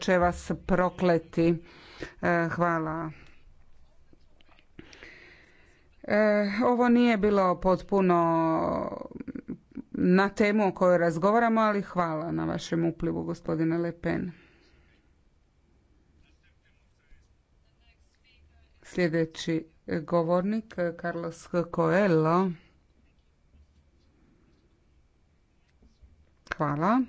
će vas prokleti. E, hvala. E, ovo nije bilo potpuno na temu o kojoj razgovaramo, ali hvala na vašem uplivu, gospodine Le Pen. Sljedeći govornik, Carlos Coelho. Hvala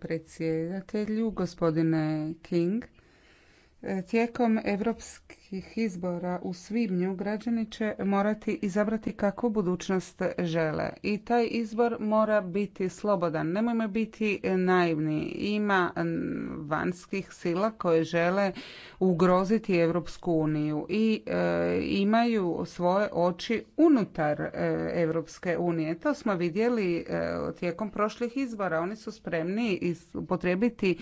predsjedatelju, gospodine King. Tijekom europske izbora u svibnju građani će morati izabrati kakvu budućnost žele i taj izbor mora biti slobodan. Nemojmo biti naivni. Ima vanjskih sila koje žele ugroziti Europsku uniju i e, imaju svoje oči unutar e, Europske unije. To smo vidjeli e, tijekom prošlih izbora. Oni su spremni upotrijebiti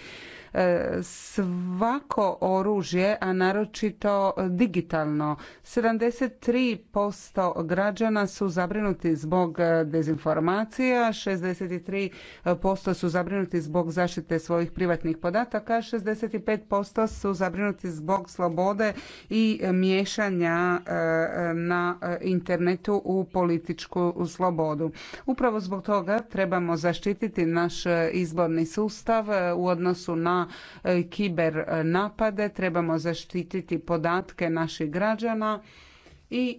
e, svako oružje, a naročito digitalno. 73% građana su zabrinuti zbog e, dezinformacija, 63% su zabrinuti zbog zaštite svojih privatnih podataka, 65% su zabrinuti zbog slobode i miješanja e, na internetu u političku slobodu. Upravo zbog toga trebamo zaštititi naš izborni sustav e, u odnosu na kiber napade, trebamo zaštititi podatke podatke naših građana i e,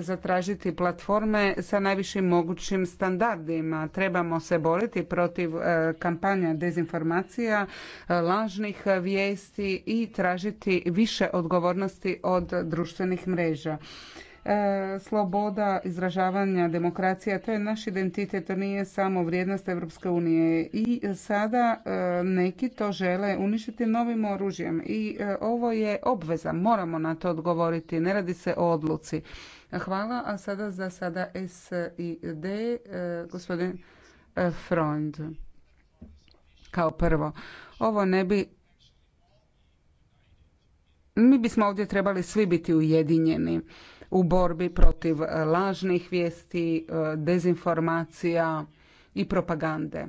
zatražiti platforme sa najvišim mogućim standardima. Trebamo se boriti protiv e, kampanja dezinformacija, e, lažnih vijesti i tražiti više odgovornosti od društvenih mreža. E, sloboda izražavanja, demokracija, to je naš identitet, to nije samo vrijednost Europske unije. I sada e, neki to žele uništiti novim oružjem i e, ovo je obveza, moramo na to odgovoriti, ne radi se o odluci. Hvala, a sada za sada S i gospodin Freund. Kao prvo, ovo ne bi mi bismo ovdje trebali svi biti ujedinjeni u borbi protiv e, lažnih vijesti, e, dezinformacija i propagande.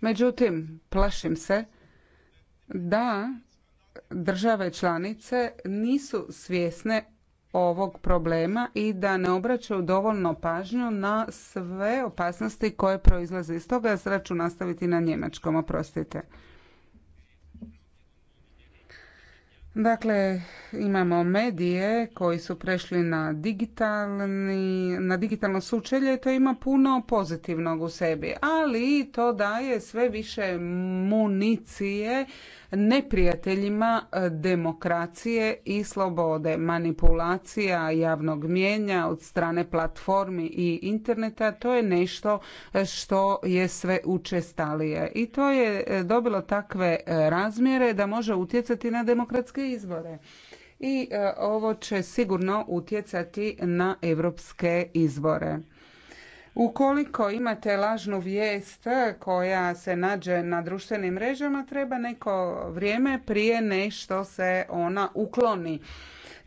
Međutim, plašim se da države članice nisu svjesne ovog problema i da ne obraćaju dovoljno pažnju na sve opasnosti koje proizlaze iz toga. Ja nastaviti na njemačkom, oprostite. Dakle, imamo medije koji su prešli na, digitalni, na digitalno sučelje, to ima puno pozitivnog u sebi, ali to daje sve više municije neprijateljima e, demokracije i slobode. Manipulacija javnog mijenja od strane platformi i interneta to je nešto e, što je sve učestalije i to je e, dobilo takve razmjere da može utjecati na demokratske izbore i ovo će sigurno utjecati na europske izbore. Ukoliko imate lažnu vijest koja se nađe na društvenim mrežama, treba neko vrijeme prije nešto se ona ukloni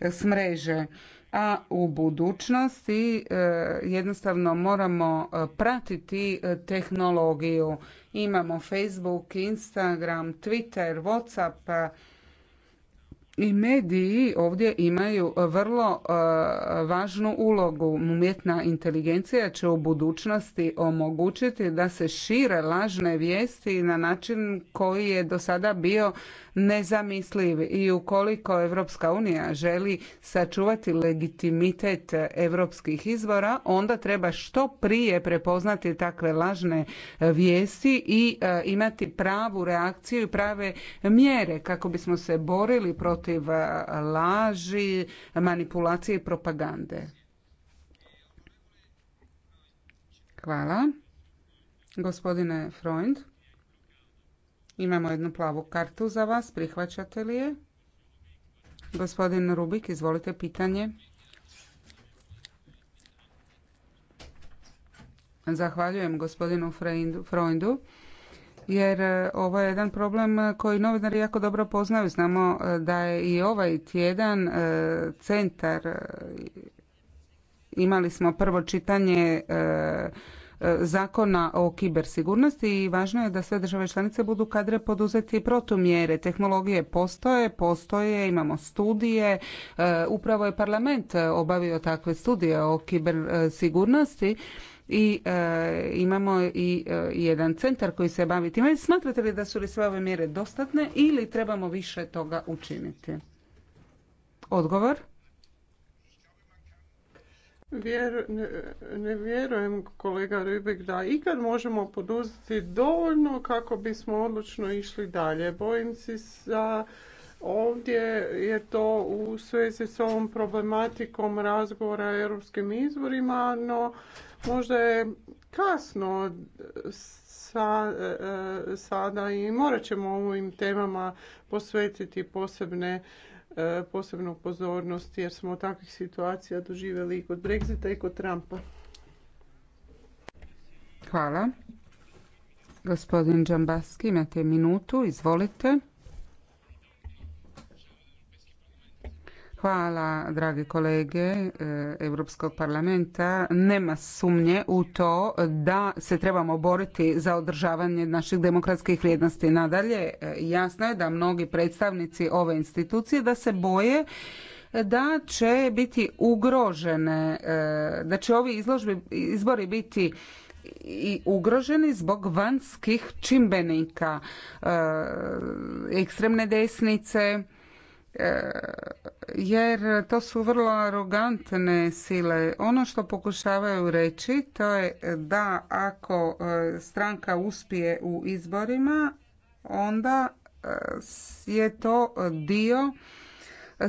s mreže a u budućnosti e, jednostavno moramo e, pratiti e, tehnologiju. Imamo Facebook, Instagram, Twitter, Whatsapp, i mediji ovdje imaju e, vrlo e, važnu ulogu. Umjetna inteligencija će u budućnosti omogućiti da se šire lažne vijesti na način koji je do sada bio nezamisliv i ukoliko Evropska unija želi sačuvati legitimitet europskih izvora, onda treba što prije prepoznati takve lažne e, vijesti i imati pravu reakciju i prave mjere kako bismo se borili protiv protiv eh, laži, manipulacije i propagande. Hvala. Gospodine Freund, imamo jednu plavu kartu za vas. Prihvaćate li je? Gospodin Rubik, izvolite pitanje. Zahvaljujem gospodinu Freundu jer e, ovo je jedan problem koji novinari jako dobro poznaju. Znamo e, da je i ovaj tjedan e, centar, imali smo prvo čitanje zakona o kibersigurnosti i važno je da sve države članice budu kadre poduzeti protumjere. Tehnologije postoje, postoje, imamo studije. Upravo je parlament obavio takve studije o kibersigurnosti i e, imamo i e, jedan centar koji se bavi time. Smatrate li da su li sve ove mjere dostatne ili trebamo više toga učiniti? Odgovor? ne, ne vjerujem kolega Rubik da ikad možemo poduzeti dovoljno kako bismo odlučno išli dalje. Bojim se sa Ovdje je to u svezi s ovom problematikom razgovora o europskim izvorima, no možda je kasno e, sada i morat ćemo ovim temama posvetiti posebne e, posebnu pozornost jer smo takvih situacija doživjeli i kod Brexita i kod Trumpa. Hvala. Gospodin Džambaski, imate minutu, izvolite. Hvala, dragi kolege e, Europskog parlamenta. Nema sumnje u to da se trebamo boriti za održavanje naših demokratskih vrijednosti. Nadalje, e, jasno je da mnogi predstavnici ove institucije da se boje da će biti ugrožene, e, da će ovi izložbi, izbori biti i ugroženi zbog vanjskih čimbenika, ekstremne desnice, E, jer to su vrlo arogantne sile. Ono što pokušavaju reći to je da ako e, stranka uspije u izborima, onda e, je to dio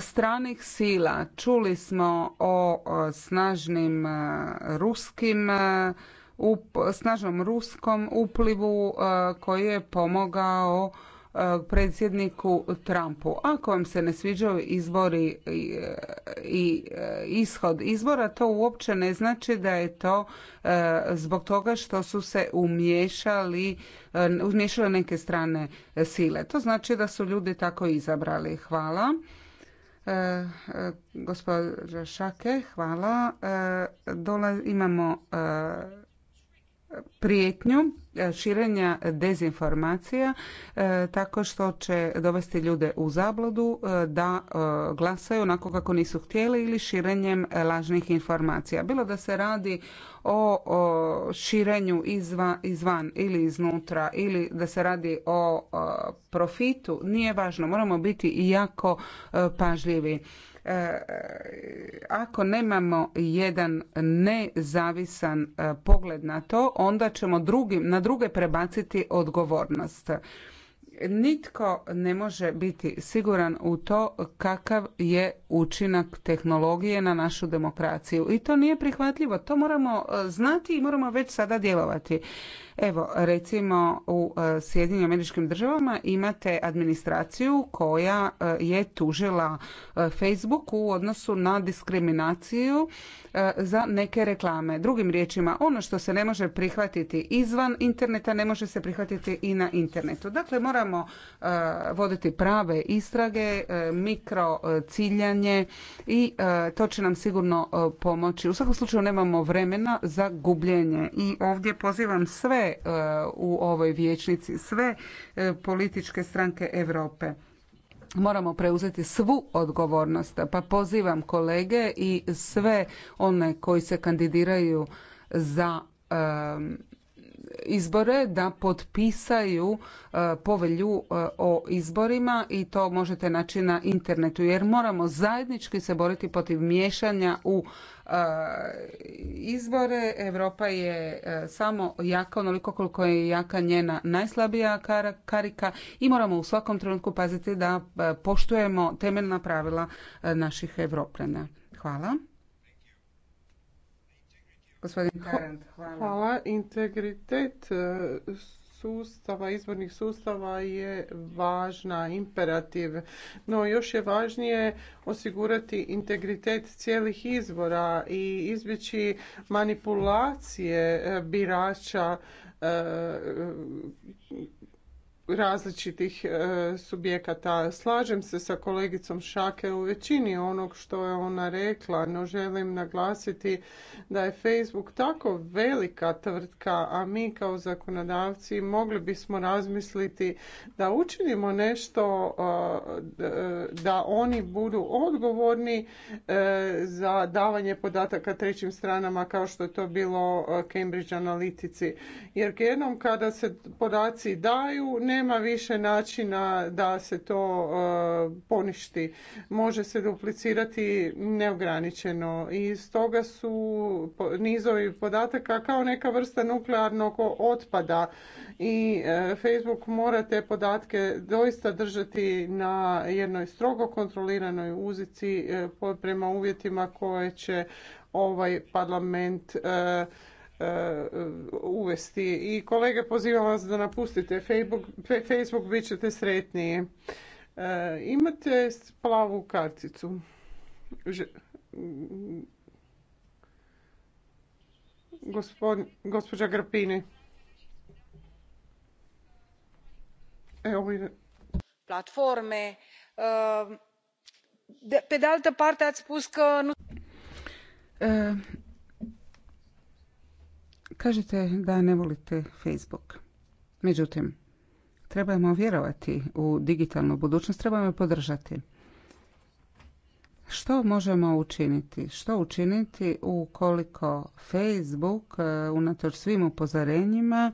stranih sila. Čuli smo o snažnim ruskim snažnom ruskom uplivu koji je pomogao predsjedniku Trumpu. Ako vam se ne sviđaju izbori i ishod izbora, to uopće ne znači da je to e, zbog toga što su se umješali e, umiješale neke strane sile. To znači da su ljudi tako izabrali. Hvala. E, e gospođa Šake, hvala. E, dola, imamo prijetnju E, širenja dezinformacija e, tako što će dovesti ljude u zabludu e, da glasaju onako kako nisu htjeli ili širenjem lažnih informacija. Bilo da se radi o širenju izva, izvan ili iznutra ili da se radi o profitu, nije važno. Moramo biti jako pažljivi. E, ako nemamo jedan nezavisan e, pogled na to, onda ćemo drugim, na druge prebaciti odgovornost. Nitko ne može biti siguran u to kakav je učinak tehnologije na našu demokraciju. I to nije prihvatljivo. To moramo e, znati i moramo već sada djelovati. Evo, recimo u e, Sjedinjenim američkim državama imate administraciju koja e, je tužila e, Facebook u odnosu na diskriminaciju za neke reklame. Drugim riječima, ono što se ne može prihvatiti izvan interneta ne može se prihvatiti i na internetu. Dakle, moramo voditi prave istrage, mikro ciljanje i to će nam sigurno pomoći. U svakom slučaju nemamo vremena za gubljenje i ovdje pozivam sve E, u ovoj vijećnici, sve e, političke stranke Europe. Moramo preuzeti svu odgovornost, pa pozivam kolege i sve one koji se kandidiraju za e, izbore da potpisaju e, povelju e, o izborima i to možete naći na internetu jer moramo zajednički se boriti protiv miješanja u e, izbore. Europa je samo jaka onoliko koliko je jaka njena najslabija karika i moramo u svakom trenutku paziti da poštujemo temeljna pravila naših Evropljana. Hvala. Gospodin hvala. Hvala. Integritet e, sustava, izbornih sustava je važna, imperativ. No još je važnije osigurati integritet cijelih izbora i izbjeći manipulacije e, birača e, različitih e, subjekata. Slažem se sa kolegicom Šake u većini onog što je ona rekla, no želim naglasiti da je Facebook tako velika tvrtka, a mi kao zakonodavci mogli bismo razmisliti da učinimo nešto e, da oni budu odgovorni e, za davanje podataka trećim stranama kao što je to bilo Cambridge analitici. Jer jednom kada se podaci daju, nema više načina da se to e, poništi. Može se duplicirati neograničeno i stoga su nizovi podataka kao neka vrsta nuklearnog otpada i e, Facebook mora te podatke doista držati na jednoj strogo kontroliranoj uzici e, prema uvjetima koje će ovaj parlament E, uvesti. I kolege pozivam vas da napustite Facebook, Facebook bit ćete sretniji. E, imate plavu karticu. Gospod, gospođa Grpini. Evo platforme. E, pe de altă parte ați spus că nu... Kažete da ne volite Facebook. Međutim, trebamo vjerovati u digitalnu budućnost, trebamo je podržati. Što možemo učiniti? Što učiniti ukoliko Facebook, eh, unatoč svim upozorenjima,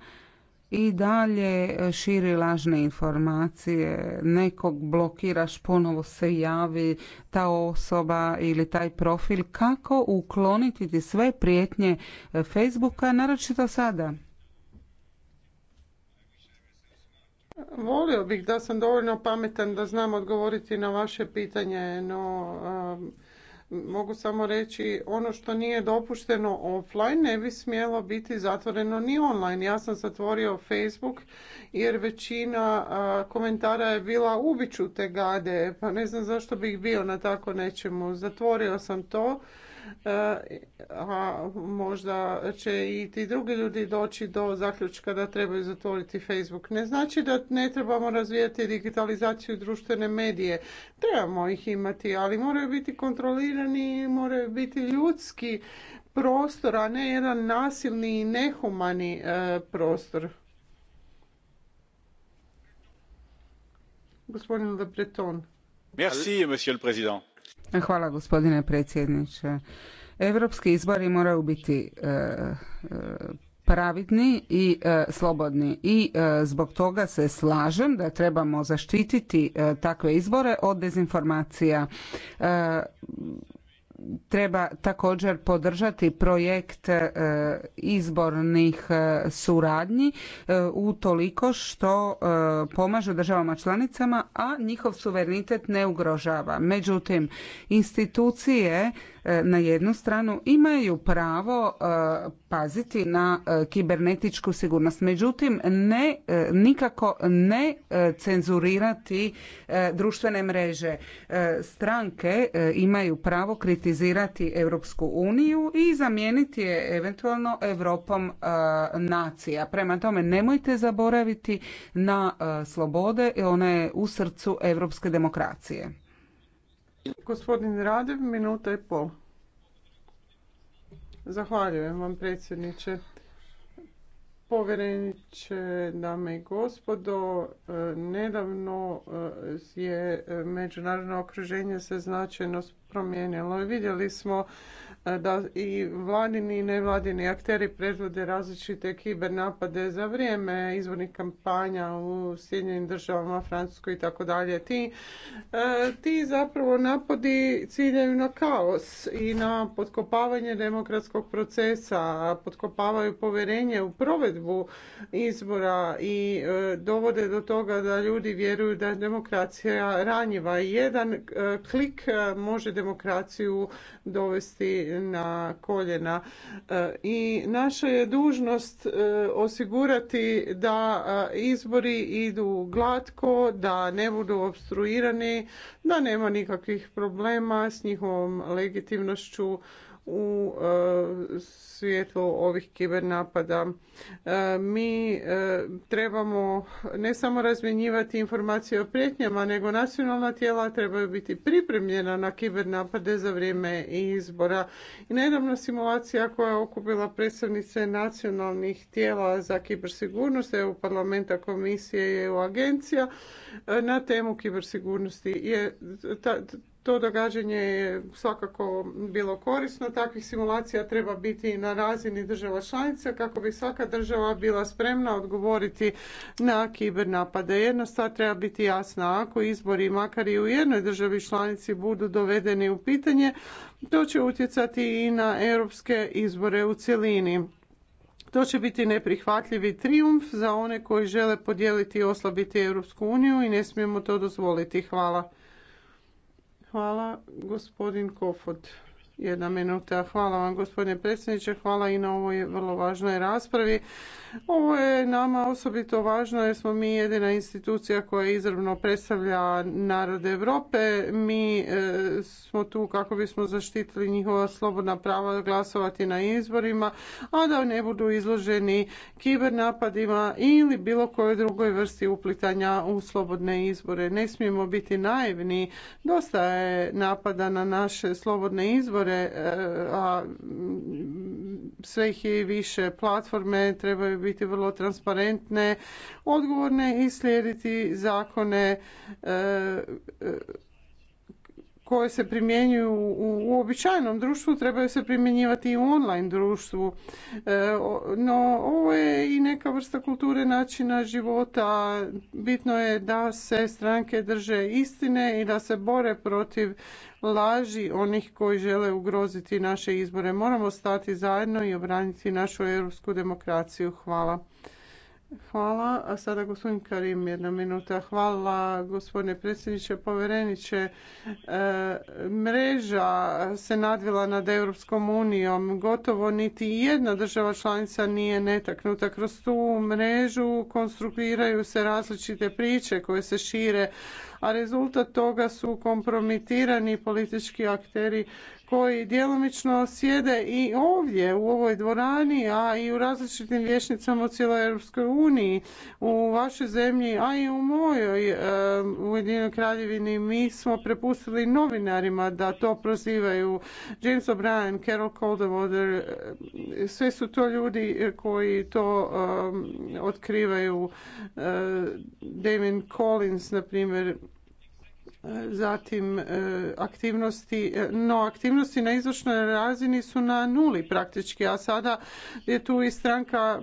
i dalje e, širi lažne informacije, nekog blokiraš, ponovo se javi ta osoba ili taj profil. Kako ukloniti sve prijetnje e, Facebooka, naročito sada? Volio bih da sam dovoljno pametan da znam odgovoriti na vaše pitanje, no mogu samo reći ono što nije dopušteno offline ne bi smjelo biti zatvoreno ni online. Ja sam zatvorio Facebook jer većina komentara je bila ubiću te gade, pa ne znam zašto bih bio na tako nečemu. Zatvorio sam to E, a možda će i ti drugi ljudi doći do zaključka da trebaju zatvoriti Facebook. Ne znači da ne trebamo razvijati digitalizaciju društvene medije. Trebamo ih imati, ali moraju biti kontrolirani i moraju biti ljudski prostor, a ne jedan nasilni i nehumani e, prostor. Gospodin Merci, monsieur le président Hvala gospodine predsjedniče. Europski izbori moraju biti e, e, pravidni i e, slobodni i zbog toga se slažem da trebamo zaštititi takve izbore od dezinformacija treba također podržati projekt e, izbornih e, suradnji e, u toliko što pomaže državama članicama, a njihov suverenitet ne ugrožava. Međutim, institucije E, na jednu stranu imaju pravo e, paziti na e, kibernetičku sigurnost. Međutim, ne, nikako ne cenzurirati društvene mreže. Stranke imaju pravo kritizirati Europsku uniju i zamijeniti je eventualno Europom nacija. Prema tome, nemojte zaboraviti na slobode, ona je u srcu europske demokracije. Gospodin Radev, minuta i pol. Zahvaljujem vam predsjedniče. Povjereniče, dame i gospodo, e, nedavno e, je međunarodno okruženje se značajno promijenilo. Vidjeli smo e, da i vladini i nevladini akteri predvode različite kiber napade za vrijeme izvornih kampanja u Sjedinjenim državama, Francuskoj i tako dalje. Ti, e, ti zapravo napadi ciljaju na kaos i na potkopavanje demokratskog procesa, potkopavaju povjerenje u provedbu izbora i e, dovode do toga da ljudi vjeruju da je demokracija ranjiva. Jedan klik može demokraciju dovesti na koljena. E, I naša je dužnost e, osigurati da e, izbori idu glatko, da ne budu obstruirani, da nema nikakvih problema s njihovom legitimnošću u e, svijetu ovih kibernapada. E, mi e, trebamo ne samo razmjenjivati informacije o prijetnjama, nego nacionalna tijela trebaju biti pripremljena na kibernapade za vrijeme izbora. I nedavna simulacija koja je okupila predstavnice nacionalnih tijela za kibersigurnost, EU parlamenta, komisije i EU agencija na temu kibersigurnosti je to događanje je svakako bilo korisno. Takvih simulacija treba biti i na razini država članica kako bi svaka država bila spremna odgovoriti na kiber napade. Jedna stvar treba biti jasna. Ako izbori makar i u jednoj državi članici budu dovedeni u pitanje, to će utjecati i na europske izbore u cjelini. To će biti neprihvatljivi triumf za one koji žele podijeliti i oslabiti Europsku uniju i ne smijemo to dozvoliti. Hvala. Hvala, gospodin Kofot jedna minuta. Hvala vam gospodine predsjedniče, hvala i na ovoj vrlo važnoj raspravi. Ovo je nama osobito važno jer smo mi jedina institucija koja izravno predstavlja narod Europe. Mi e, smo tu kako bismo zaštitili njihova slobodna prava glasovati na izborima, a da ne budu izloženi kibernapadima ili bilo kojoj drugoj vrsti uplitanja u slobodne izbore. Ne smijemo biti naivni. Dosta je napada na naše slobodne izbore E, a sve ih je više. Platforme trebaju biti vrlo transparentne, odgovorne i slijediti zakone e, e, koje se primjenjuju u uobičajenom društvu trebaju se primjenjivati i u online društvu. E, no, ovo je i neka vrsta kulture načina života. Bitno je da se stranke drže istine i da se bore protiv laži onih koji žele ugroziti naše izbore. Moramo stati zajedno i obraniti našu europsku demokraciju. Hvala. Hvala. A sada gospodin Karim, jedna minuta. Hvala gospodine predsjedniče, povjereniče. E, mreža se nadvila nad Europskom unijom. Gotovo niti jedna država članica nije netaknuta. Kroz tu mrežu konstruiraju se različite priče koje se šire a rezultat toga su kompromitirani politički akteri koji djelomično sjede i ovdje u ovoj dvorani, a i u različitim vješnicama u cijeloj Europskoj uniji, u vašoj zemlji, a i u mojoj e, Ujedinjenoj kraljevini. Mi smo prepustili novinarima da to prozivaju. James O'Brien, Carol Coldwater, e, sve su to ljudi koji to e, otkrivaju. Uh, Collins, na primjer, zatim e, aktivnosti, e, no aktivnosti na izvršnoj razini su na nuli praktički, a sada je tu i stranka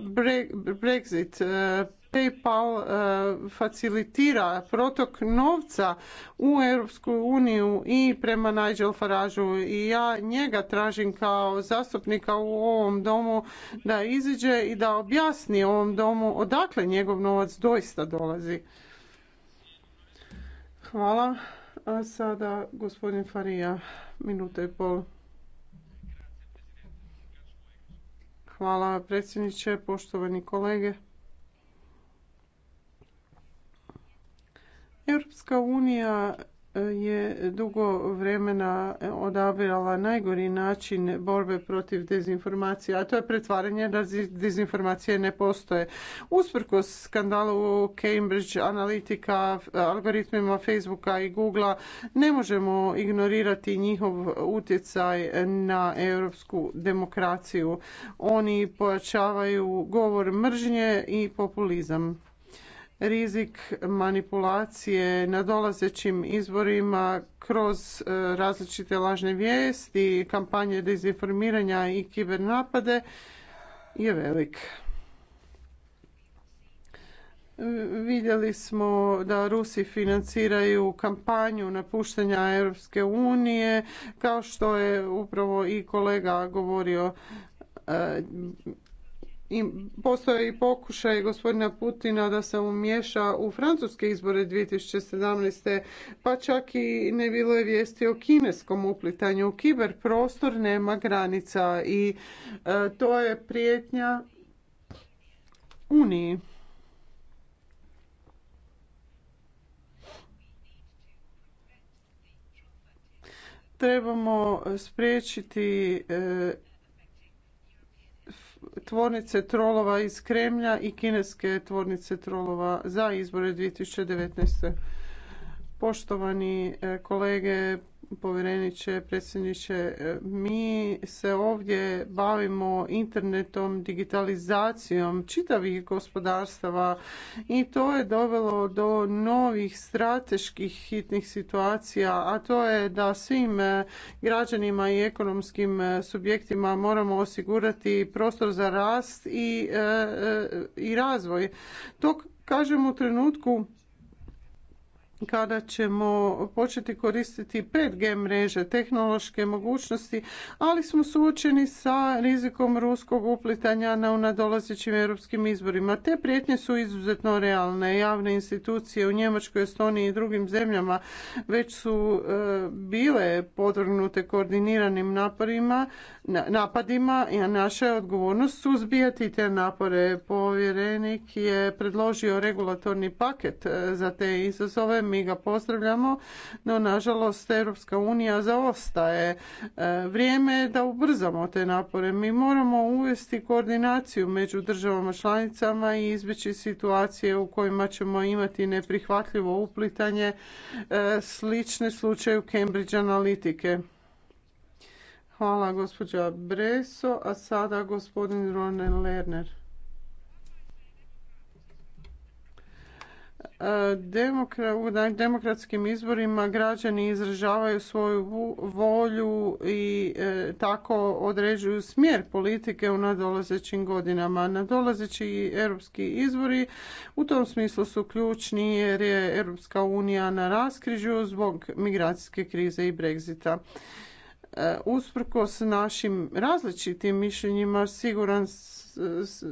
Brexit, e, PayPal facilitira protok novca u Europsku uniju i prema Nigel Faražu. i ja njega tražim kao zastupnika u ovom domu da iziđe i da objasni ovom domu odakle njegov novac doista dolazi. Hvala. sada gospodin Farija, minuta i pol. Hvala predsjedniče, poštovani kolege. Europska unija je dugo vremena odabirala najgori način borbe protiv dezinformacije, a to je pretvaranje da dezinformacije ne postoje. Usprkos skandalu Cambridge analitika, algoritmima Facebooka i Googlea, ne možemo ignorirati njihov utjecaj na europsku demokraciju. Oni pojačavaju govor mržnje i populizam rizik manipulacije na dolazećim izborima kroz e, različite lažne vijesti, kampanje dezinformiranja i kibernapade je velik. Vidjeli smo da Rusi financiraju kampanju napuštanja Europske unije, kao što je upravo i kolega govorio e, i postoje i pokušaj gospodina Putina da se umiješa u francuske izbore 2017. pa čak i ne bilo je vijesti o kineskom uplitanju. prostor nema granica i e, to je prijetnja Uniji. Trebamo spriječiti e, tvornice trolova iz Kremlja i kineske tvornice trolova za izbore 2019. Poštovani e, kolege, povjereniče, predsjedniče. Mi se ovdje bavimo internetom, digitalizacijom čitavih gospodarstava i to je dovelo do novih strateških hitnih situacija, a to je da svim e, građanima i ekonomskim e, subjektima moramo osigurati prostor za rast i, e, i razvoj. To kažem u trenutku kada ćemo početi koristiti 5G mreže, tehnološke mogućnosti, ali smo suočeni sa rizikom ruskog uplitanja na nadolazećim europskim izborima. Te prijetnje su izuzetno realne. Javne institucije u Njemačkoj, Estoniji i drugim zemljama već su e, bile podvrgnute koordiniranim naporima, napadima, i naša je odgovornost suzbijati te napore. Povjerenik je predložio regulatorni paket e, za te izazove mi ga pozdravljamo, no nažalost Europska unija zaostaje. E, vrijeme je da ubrzamo te napore. Mi moramo uvesti koordinaciju među državama članicama i izbjeći situacije u kojima ćemo imati neprihvatljivo uplitanje e, slične slučaju Cambridge analitike. Hvala gospođa Breso, a sada gospodin Ronen Lerner. E, u demokratskim izborima građani izražavaju svoju volju i e, tako određuju smjer politike u nadolazećim godinama. Nadolazeći europski izbori u tom smislu su ključni jer je Europska unija na raskrižju zbog migracijske krize i Brexita e, usprkos našim različitim mišljenjima siguran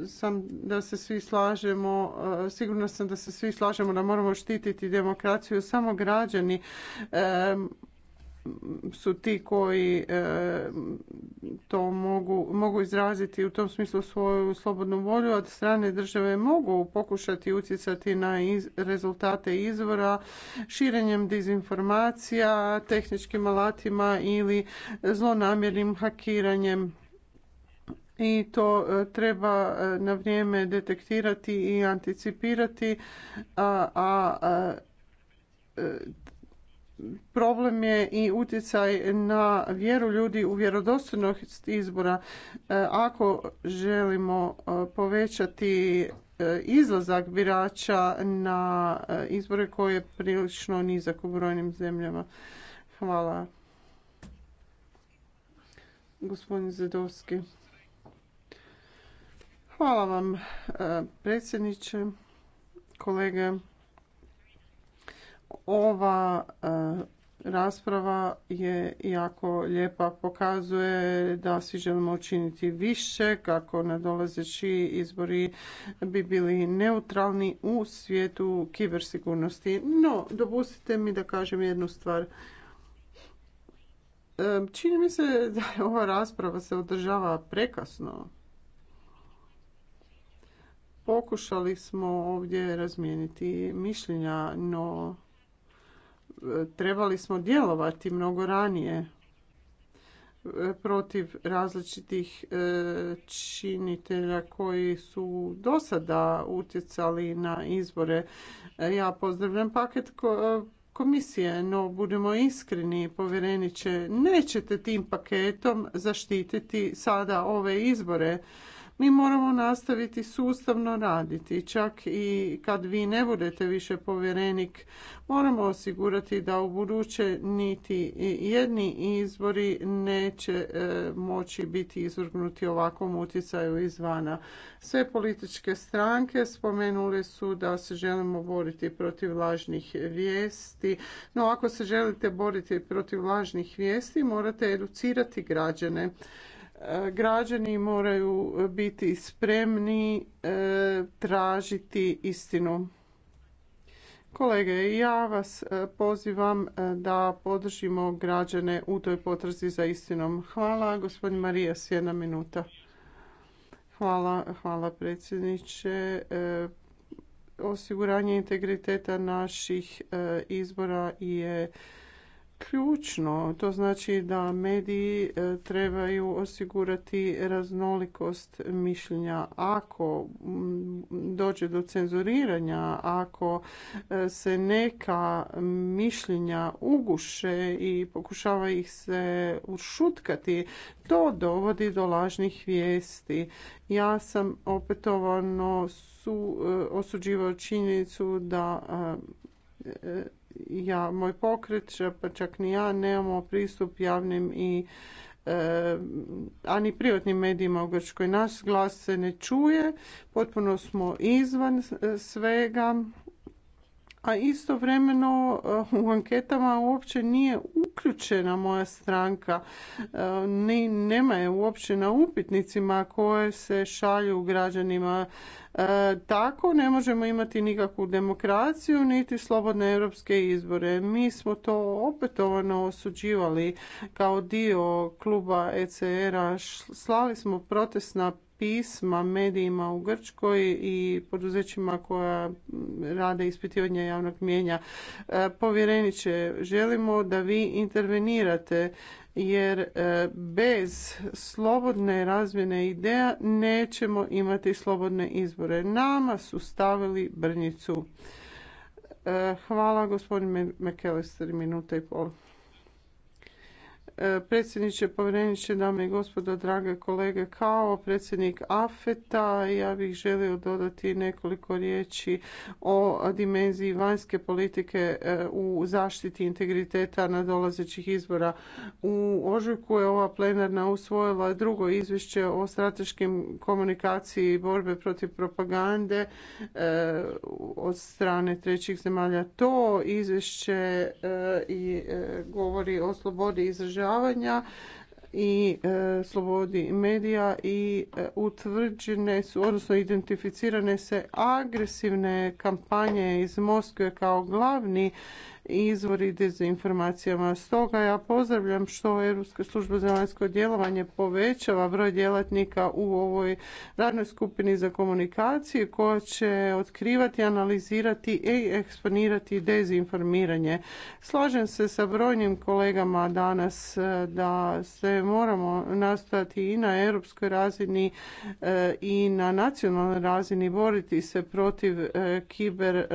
sam da se svi slažemo, e, sigurno sam da se svi slažemo da moramo štititi demokraciju. Samo građani e, su ti koji e, to mogu, mogu izraziti u tom smislu svoju slobodnu volju, a od strane države mogu pokušati utjecati na rezultate izvora širenjem dezinformacija, tehničkim alatima ili zlonamjernim hakiranjem i to e, treba e, na vrijeme detektirati i anticipirati, a, a, e, problem je i utjecaj na vjeru ljudi u vjerodostojnost izbora. Ako želimo povećati izlazak birača na izbore koji je prilično nizak u brojnim zemljama. Hvala. Gospodin Zedovski. Hvala vam e, predsjedniče, kolege. Ova e, rasprava je jako lijepa, pokazuje da svi želimo učiniti više kako nadolazeći izbori bi bili neutralni u svijetu kibersigurnosti. No, dopustite mi da kažem jednu stvar. E, čini mi se da ova rasprava se održava prekasno Pokušali smo ovdje razmijeniti mišljenja, no e, trebali smo djelovati mnogo ranije e, protiv različitih e, činitelja koji su do sada utjecali na izbore. Ja pozdravljam paket komisije, no budemo iskreni, povjereniče, nećete tim paketom zaštititi sada ove izbore mi moramo nastaviti sustavno raditi, čak i kad vi ne budete više povjerenik, moramo osigurati da u buduće niti jedni izbori neće e, moći biti izvrgnuti ovakvom utjecaju izvana. Sve političke stranke spomenule su da se želimo boriti protiv lažnih vijesti, no ako se želite boriti protiv lažnih vijesti morate educirati građane. E, građani moraju biti spremni e, tražiti istinu. Kolege, ja vas e, pozivam da podržimo građane u toj potrazi za istinom. Hvala, gospodin Marijas, jedna minuta. Hvala, hvala predsjedniče. Osiguranje integriteta naših izbora je ključno. To znači da mediji e, trebaju osigurati raznolikost mišljenja. Ako dođe do cenzuriranja, ako e, se neka mišljenja uguše i pokušava ih se ušutkati, to dovodi do lažnih vijesti. Ja sam opetovano su, e, osuđivao činjenicu da ja, moj pokret, pa čak ni ja, nemamo pristup javnim i e, a privatnim medijima u Grčkoj. Naš glas se ne čuje, potpuno smo izvan e, svega a istovremeno eh, u anketama uopće nije uključena moja stranka. Eh, ni, nema je uopće na upitnicima koje se šalju građanima. Eh, tako ne možemo imati nikakvu demokraciju niti slobodne europske izbore. Mi smo to opetovano osuđivali kao dio kluba ECR-a. Slali smo protestna pisma medijima u Grčkoj i poduzećima koja rade ispitivanje javnog mijenja. Povjereniće, želimo da vi intervenirate jer bez slobodne razmjene ideja nećemo imati slobodne izbore. Nama su stavili brnjicu. Hvala gospodin McAllister, minuta i pol. E, predsjedniče, povjereniče, dame i gospodo, drage kolege. Kao predsjednik AFETA ja bih želio dodati nekoliko riječi o dimenziji vanjske politike e, u zaštiti integriteta nadolazećih izbora. U ožujku je ova plenarna usvojila drugo izvješće o strateškim komunikaciji i borbe protiv propagande e, od strane trećih zemalja. To izvješće i govori o slobodi izražavanja izražavanja i e, slobodi medija i e, utvrđene su, odnosno identificirane se agresivne kampanje iz Moskve kao glavni izvori dezinformacijama. Stoga ja pozdravljam što Europska služba za vanjsko djelovanje povećava broj djelatnika u ovoj radnoj skupini za komunikacije koja će otkrivati, analizirati i eksponirati dezinformiranje. Slažem se sa brojnim kolegama danas eh, da se moramo nastojati i na europskoj razini eh, i na nacionalnoj razini boriti se protiv eh, kiber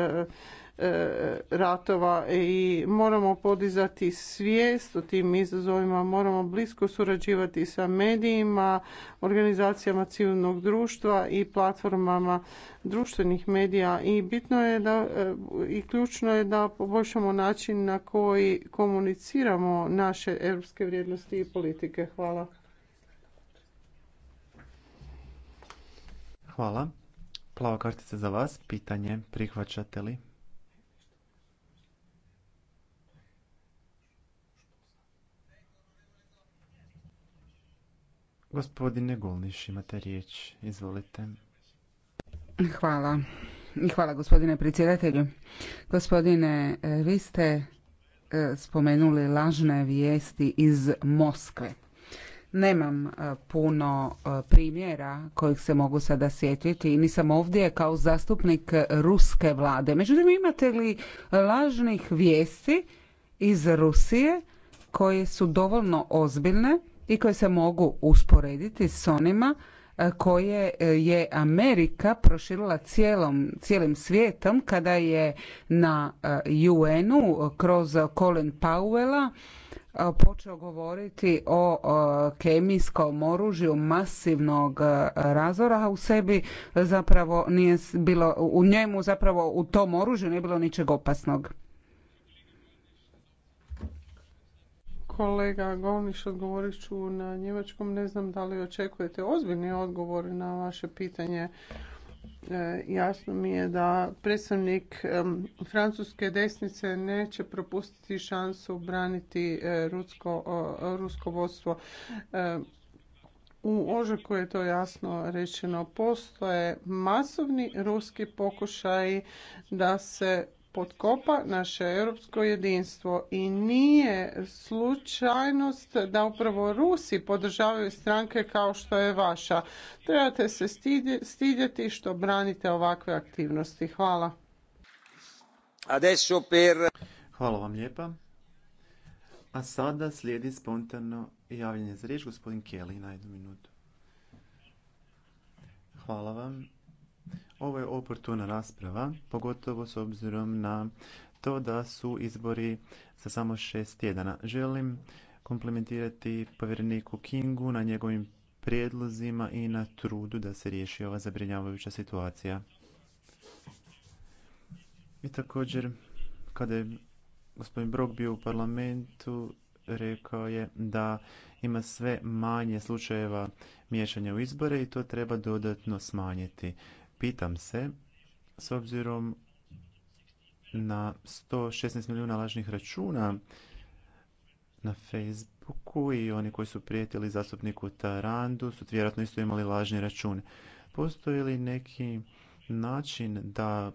E, ratova i moramo podizati svijest o tim izazovima, moramo blisko surađivati sa medijima, organizacijama civilnog društva i platformama društvenih medija i bitno je da e, i ključno je da poboljšamo način na koji komuniciramo naše europske vrijednosti i politike. Hvala. Hvala. Plava kartica za vas. Pitanje prihvaćate li? Gospodine Golniš, imate riječ. Izvolite. Hvala. Hvala gospodine predsjedatelju. Gospodine, e, vi ste e, spomenuli lažne vijesti iz Moskve. Nemam e, puno primjera kojih se mogu sada sjetiti i nisam ovdje kao zastupnik ruske vlade. Međutim, imate li lažnih vijesti iz Rusije koje su dovoljno ozbiljne i koje se mogu usporediti s onima e, koje e, je Amerika proširila cijelom, cijelim svijetom kada je na e, UN-u kroz Colin Powella počeo govoriti o kemijskom oružju masivnog razora, a u sebi zapravo nije bilo, u njemu zapravo u tom oružju nije bilo ničeg opasnog. kolega Govniš, odgovorit ću na njemačkom. Ne znam da li očekujete ozbiljni odgovor na vaše pitanje. E, jasno mi je da predstavnik francuske desnice neće propustiti šansu braniti e, rusko, rusko vodstvo. E, u ožujku je to jasno rečeno. Postoje masovni ruski pokušaj da se potkopa naše europsko jedinstvo i nije slučajnost da upravo Rusi podržavaju stranke kao što je vaša. Trebate se stidjeti što branite ovakve aktivnosti. Hvala. Hvala vam lijepa. A sada slijedi spontano javljanje za riječ gospodin Kelly na jednu minutu. Hvala vam. Ovo je oportuna rasprava, pogotovo s obzirom na to da su izbori za samo šest tjedana. Želim komplementirati povjereniku Kingu na njegovim prijedlozima i na trudu da se riješi ova zabrinjavajuća situacija. I također, kada je gospodin Brok bio u parlamentu, rekao je da ima sve manje slučajeva miješanja u izbore i to treba dodatno smanjiti pitam se s obzirom na 116 milijuna lažnih računa na Facebooku i oni koji su prijetili zastupniku Tarandu su vjerojatno isto imali lažni račun. Postoji li neki način da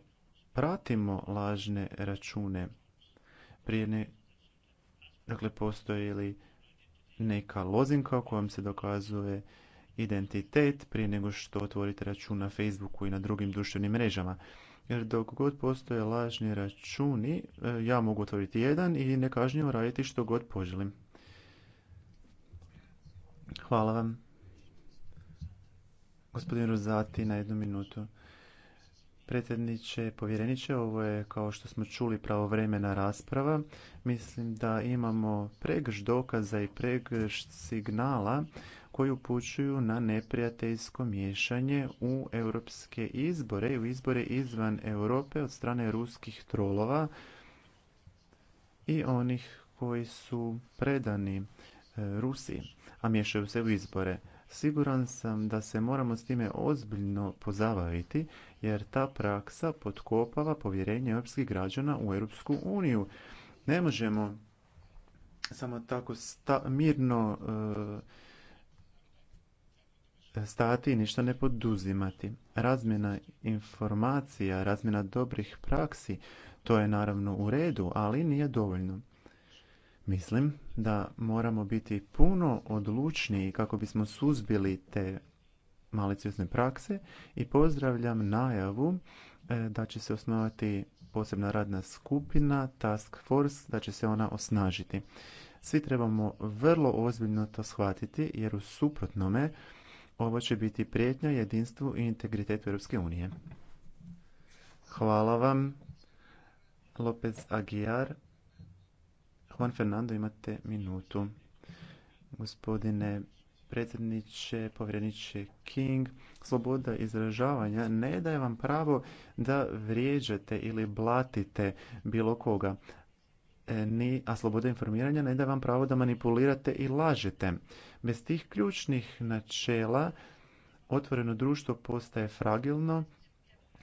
pratimo lažne račune prije ne... Dakle, postoji li neka lozinka u kojom se dokazuje identitet prije nego što otvorite račun na Facebooku i na drugim društvenim mrežama. Jer dok god postoje lažni računi, e, ja mogu otvoriti jedan i nekažnjivo raditi što god poželim. Hvala vam. Gospodin Rozati na jednu minutu. Predsjedniče, povjereniče, ovo je kao što smo čuli pravovremena rasprava. Mislim da imamo pregrš dokaza i pregrš signala koji upućuju na neprijateljsko miješanje u europske izbore i u izbore izvan Europe od strane ruskih trolova i onih koji su predani e, Rusiji, a miješaju se u izbore. Siguran sam da se moramo s time ozbiljno pozabaviti jer ta praksa potkopava povjerenje europskih građana u Europsku uniju. Ne možemo samo tako mirno e, stati i ništa ne poduzimati. Razmjena informacija, razmjena dobrih praksi, to je naravno u redu, ali nije dovoljno. Mislim da moramo biti puno odlučniji kako bismo suzbili te maliciozne prakse i pozdravljam najavu e, da će se osnovati posebna radna skupina, task force, da će se ona osnažiti. Svi trebamo vrlo ozbiljno to shvatiti jer u suprotnome ovo će biti prijetnja jedinstvu i integritetu Europske unije. Hvala vam. Lopez Aguiar. Juan Fernando, imate minutu. Gospodine predsjedniče, povjereniče King, sloboda izražavanja ne daje vam pravo da vrijeđate ili blatite bilo koga. E, ni, a sloboda informiranja ne da vam pravo da manipulirate i lažete. Bez tih ključnih načela otvoreno društvo postaje fragilno,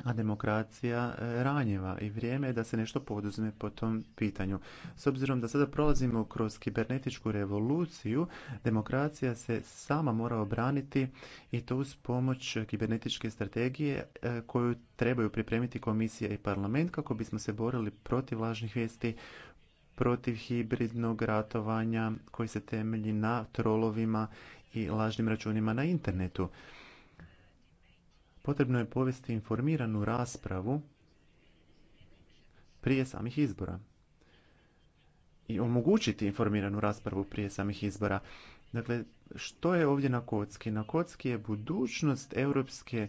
a demokracija e, ranjeva i vrijeme je da se nešto poduzme po tom pitanju. S obzirom da sada prolazimo kroz kibernetičku revoluciju, demokracija se sama mora obraniti i to uz pomoć kibernetičke strategije e, koju trebaju pripremiti komisija i parlament kako bismo se borili protiv lažnih vijesti, protiv hibridnog ratovanja koji se temelji na trolovima i lažnim računima na internetu. Potrebno je povesti informiranu raspravu prije samih izbora i omogućiti informiranu raspravu prije samih izbora. Dakle, što je ovdje na kocki? Na kocki je budućnost Europske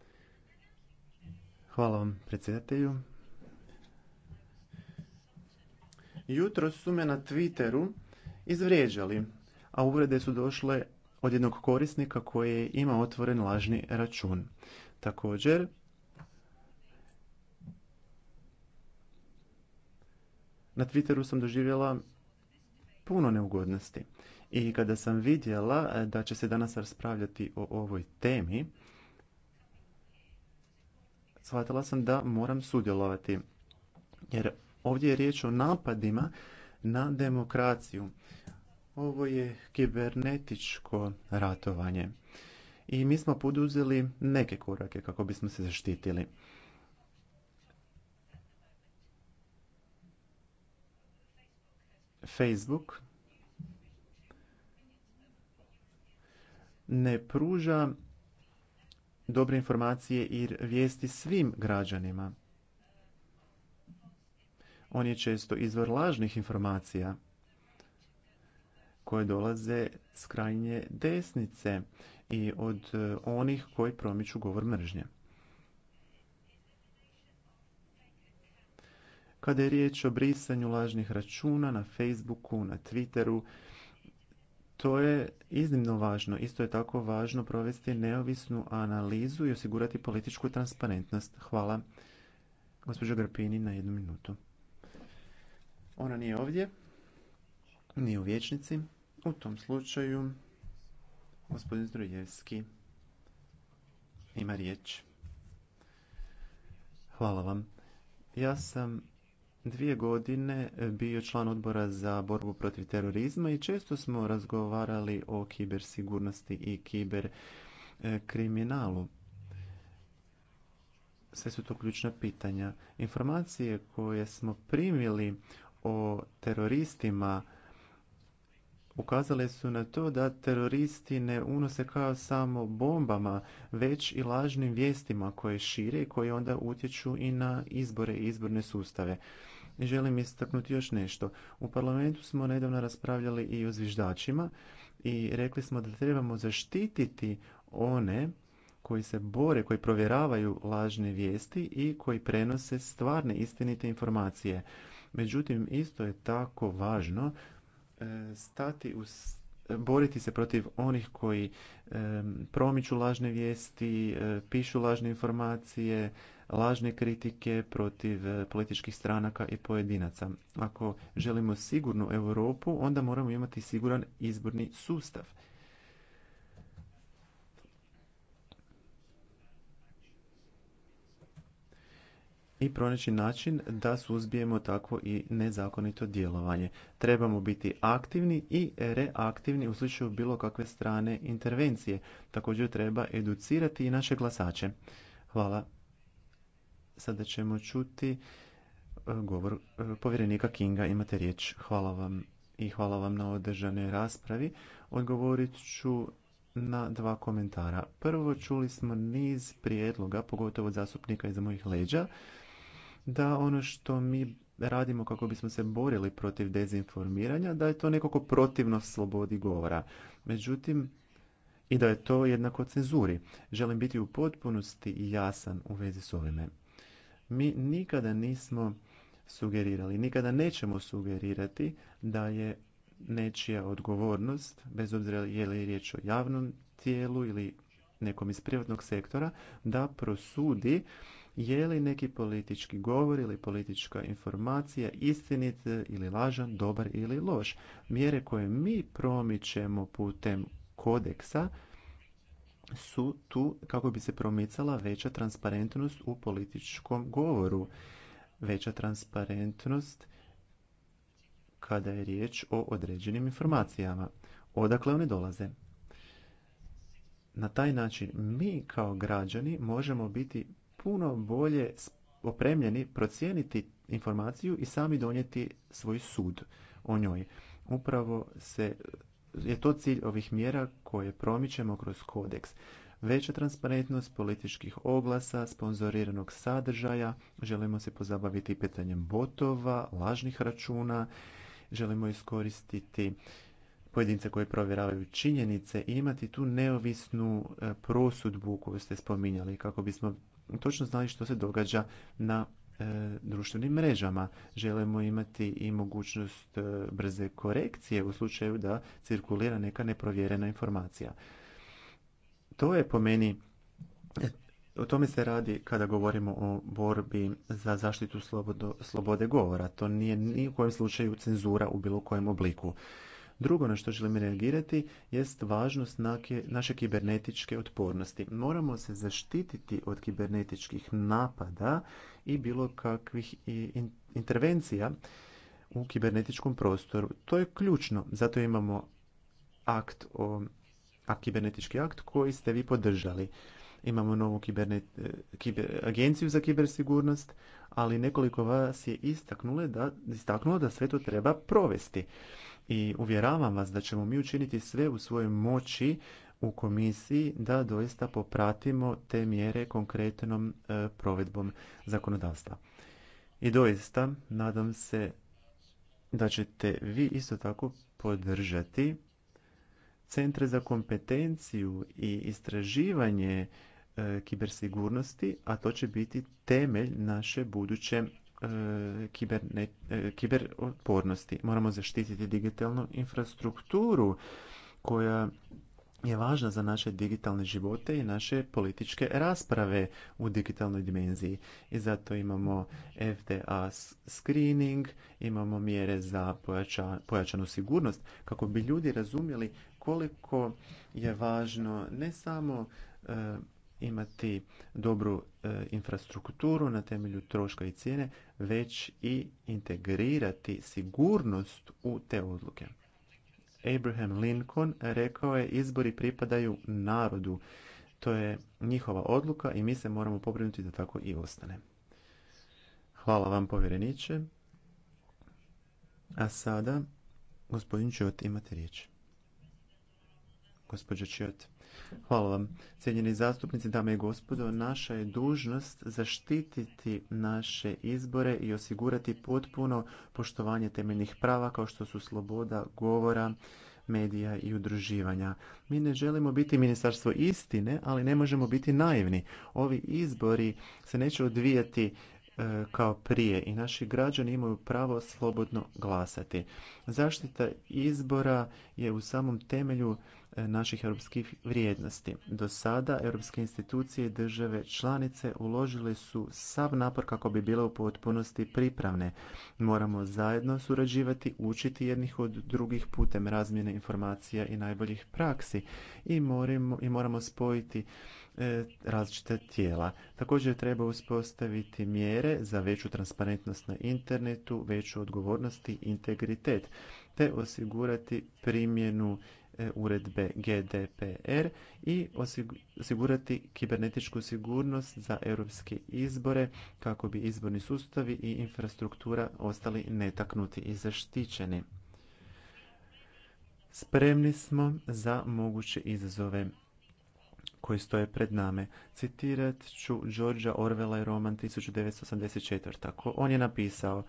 Hvala vam predsjedatelju. Jutro su me na Twitteru izvrijeđali, a uvrede su došle od jednog korisnika koji ima otvoren lažni račun. Također, na Twitteru sam doživjela puno neugodnosti. I kada sam vidjela da će se danas raspravljati o ovoj temi, shvatila sam da moram sudjelovati. Jer ovdje je riječ o napadima na demokraciju. Ovo je kibernetičko ratovanje. I mi smo poduzeli neke korake kako bismo se zaštitili. Facebook ne pruža dobre informacije i vijesti svim građanima. On je često izvor lažnih informacija koje dolaze s krajnje desnice i od e, onih koji promiču govor mržnje. Kada je riječ o brisanju lažnih računa na Facebooku, na Twitteru, to je iznimno važno. Isto je tako važno provesti neovisnu analizu i osigurati političku transparentnost. Hvala. Gospođo Grpini na jednu minutu. Ona nije ovdje, nije u vječnici. U tom slučaju gospodin Zdrojevski ima riječ. Hvala vam. Ja sam dvije godine bio član odbora za borbu protiv terorizma i često smo razgovarali o kibersigurnosti i kiberkriminalu. E, Sve su to ključna pitanja. Informacije koje smo primili o teroristima ukazale su na to da teroristi ne unose kao samo bombama, već i lažnim vijestima koje šire i koje onda utječu i na izbore i izborne sustave. Želim istaknuti još nešto. U parlamentu smo nedavno raspravljali i o zviždačima i rekli smo da trebamo zaštititi one koji se bore, koji provjeravaju lažne vijesti i koji prenose stvarne istinite informacije. Međutim, isto je tako važno E, stati u boriti se protiv onih koji e, promiču lažne vijesti, e, pišu lažne informacije, lažne kritike protiv političkih stranaka i pojedinaca. Ako želimo sigurnu Europu, onda moramo imati siguran izborni sustav i pronaći način da suzbijemo takvo i nezakonito djelovanje. Trebamo biti aktivni i reaktivni u slučaju bilo kakve strane intervencije. Također treba educirati i naše glasače. Hvala. Sada ćemo čuti e, govor e, povjerenika Kinga. Imate riječ. Hvala vam i hvala vam na održanoj raspravi. Odgovorit ću na dva komentara. Prvo, čuli smo niz prijedloga, pogotovo od zastupnika iz mojih leđa, da ono što mi radimo kako bismo se borili protiv dezinformiranja, da je to nekako protivno slobodi govora. Međutim, i da je to jednako cenzuri. Želim biti u potpunosti jasan u vezi s ovime. Mi nikada nismo sugerirali, nikada nećemo sugerirati da je nečija odgovornost, bez obzira je li riječ o javnom tijelu ili nekom iz privatnog sektora, da prosudi je li neki politički govor ili politička informacija istinit ili lažan, dobar ili loš. Mjere koje mi promičemo putem kodeksa su tu kako bi se promicala veća transparentnost u političkom govoru. Veća transparentnost kada je riječ o određenim informacijama. Odakle one dolaze? Na taj način mi kao građani možemo biti puno bolje opremljeni procijeniti informaciju i sami donijeti svoj sud o njoj. Upravo se, je to cilj ovih mjera koje promičemo kroz kodeks. Veća transparentnost političkih oglasa, sponzoriranog sadržaja, želimo se pozabaviti pitanjem botova, lažnih računa, želimo iskoristiti pojedince koji provjeravaju činjenice i imati tu neovisnu e, prosudbu koju ste spominjali kako bismo točno znali što se događa na e, društvenim mrežama. Želimo imati i mogućnost e, brze korekcije u slučaju da cirkulira neka neprovjerena informacija. To je po meni e, o tome se radi kada govorimo o borbi za zaštitu slobode govora. To nije ni u kojem slučaju cenzura u bilo kojem obliku. Drugo na što želim reagirati jest važnost naše kibernetičke otpornosti. Moramo se zaštititi od kibernetičkih napada i bilo kakvih intervencija u kibernetičkom prostoru. To je ključno, zato imamo akt o a kibernetički akt koji ste vi podržali. Imamo novu agenciju za kibersigurnost, ali nekoliko vas je istaknulo da, istaknulo da sve to treba provesti i uvjeravam vas da ćemo mi učiniti sve u svojoj moći u komisiji da doista popratimo te mjere konkretnom e, provedbom zakonodavstva. I doista nadam se da ćete vi isto tako podržati centre za kompetenciju i istraživanje e, kibersigurnosti, a to će biti temelj naše buduće E, kiber e, kiberotpornosti. Moramo zaštititi digitalnu infrastrukturu koja je važna za naše digitalne živote i naše političke rasprave u digitalnoj dimenziji. I zato imamo FDA screening, imamo mjere za pojačanu sigurnost kako bi ljudi razumjeli koliko je važno ne samo e, imati dobru e, infrastrukturu na temelju troška i cijene, već i integrirati sigurnost u te odluke. Abraham Lincoln rekao je izbori pripadaju narodu. To je njihova odluka i mi se moramo pobrinuti da tako i ostane. Hvala vam povjereniče. A sada gospodin Čot imate riječ. Gospođo Čot. Hvala vam. Cijenjeni zastupnici, dame i gospodo, naša je dužnost zaštititi naše izbore i osigurati potpuno poštovanje temeljnih prava kao što su sloboda govora, medija i udruživanja. Mi ne želimo biti ministarstvo istine, ali ne možemo biti naivni. Ovi izbori se neće odvijati E, kao prije i naši građani imaju pravo slobodno glasati. Zaštita izbora je u samom temelju e, naših europskih vrijednosti. Do sada europske institucije i države članice uložile su sav napor kako bi bile u potpunosti pripravne. Moramo zajedno surađivati, učiti jednih od drugih putem razmjene informacija i najboljih praksi i moramo, i moramo spojiti E, različita tijela. Također treba uspostaviti mjere za veću transparentnost na internetu, veću odgovornost i integritet, te osigurati primjenu e, uredbe GDPR i osigurati kibernetičku sigurnost za europske izbore kako bi izborni sustavi i infrastruktura ostali netaknuti i zaštićeni. Spremni smo za moguće izazove koji stoje pred name. Citirat ću Georgia Orwella i roman 1984. Tako on je napisao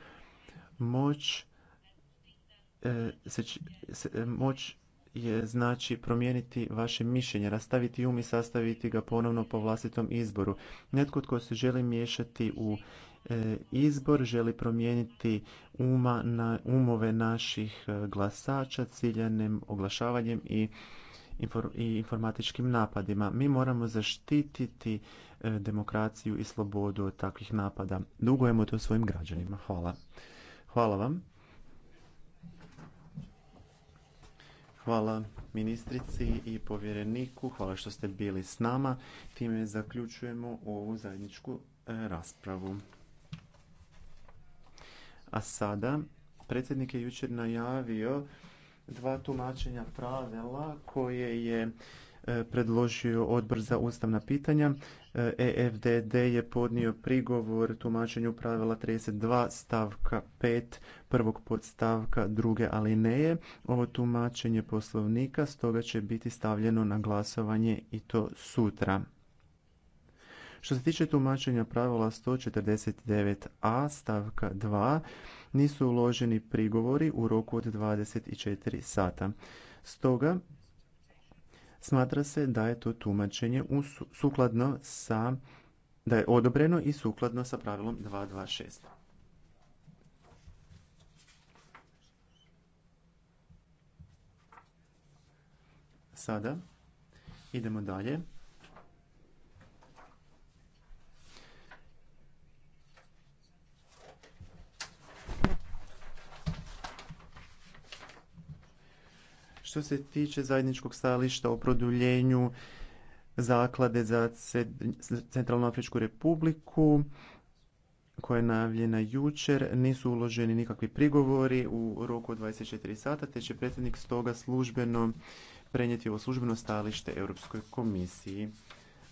Moć, e, se, e, moć je znači promijeniti vaše mišljenje, rastaviti um i sastaviti ga ponovno po vlastitom izboru. Netko tko se želi miješati u e, izbor želi promijeniti uma na umove naših glasača ciljanim oglašavanjem i i informatičkim napadima. Mi moramo zaštititi e, demokraciju i slobodu od takvih napada. Dugujemo to svojim građanima. Hvala. Hvala vam. Hvala ministrici i povjereniku. Hvala što ste bili s nama. Time zaključujemo ovu zajedničku e, raspravu. A sada predsjednik je jučer najavio dva tumačenja pravila koje je e, predložio odbor za ustavna pitanja. EFDD e je podnio prigovor tumačenju pravila 32 stavka 5 prvog podstavka druge alineje. Ovo tumačenje poslovnika stoga će biti stavljeno na glasovanje i to sutra. Što se tiče tumačenja pravila 149a stavka 2, nisu uloženi prigovori u roku od 24 sata. Stoga smatra se da je to tumačenje sukladno sa da je odobreno i sukladno sa pravilom 226. Sada idemo dalje Što se tiče zajedničkog stajališta o produljenju zaklade za Centralnu Afričku republiku, koja je najavljena jučer, nisu uloženi nikakvi prigovori u roku od 24 sata, te će predsjednik stoga službeno prenijeti ovo službeno stajalište Europskoj komisiji.